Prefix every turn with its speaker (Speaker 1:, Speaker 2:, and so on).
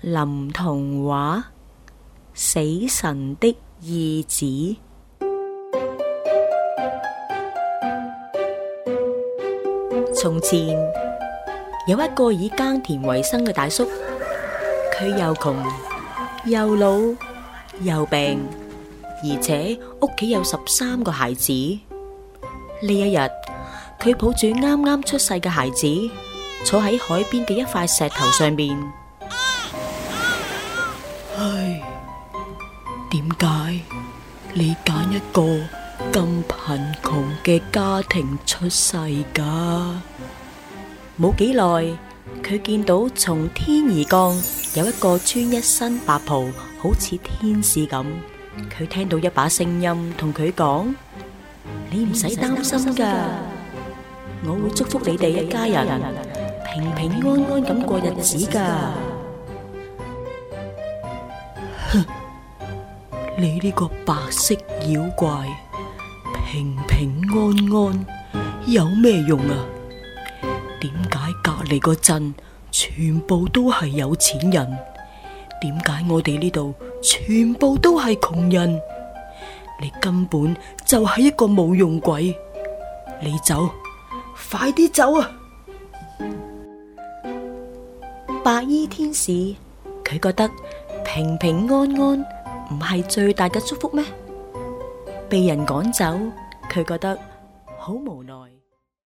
Speaker 1: 林童話《死神的義子》。從前有一個以耕田為生嘅大叔，佢又窮又老又病，而且屋企有十三個孩子。呢一日，佢抱住啱啱出世嘅孩子，坐喺海邊嘅一塊石頭上面。點解你揀一個咁貧窮嘅家庭出世㗎？冇幾耐，佢見到從天而降有一個穿一身白袍，好似天使咁。佢聽到一把聲音同佢講：
Speaker 2: 你唔使擔心㗎，
Speaker 1: 我會祝福你哋一家人平平安安咁過日子㗎。你呢個白色妖怪平平安安有咩用啊？點解隔籬個鎮全部都係有錢人？點解我哋呢度全部都係窮人？你根本就係一個冇用鬼！你走，快啲走啊！白衣天使，佢覺得平平安安。唔係最大嘅祝福咩？被人趕走，佢覺得好無奈。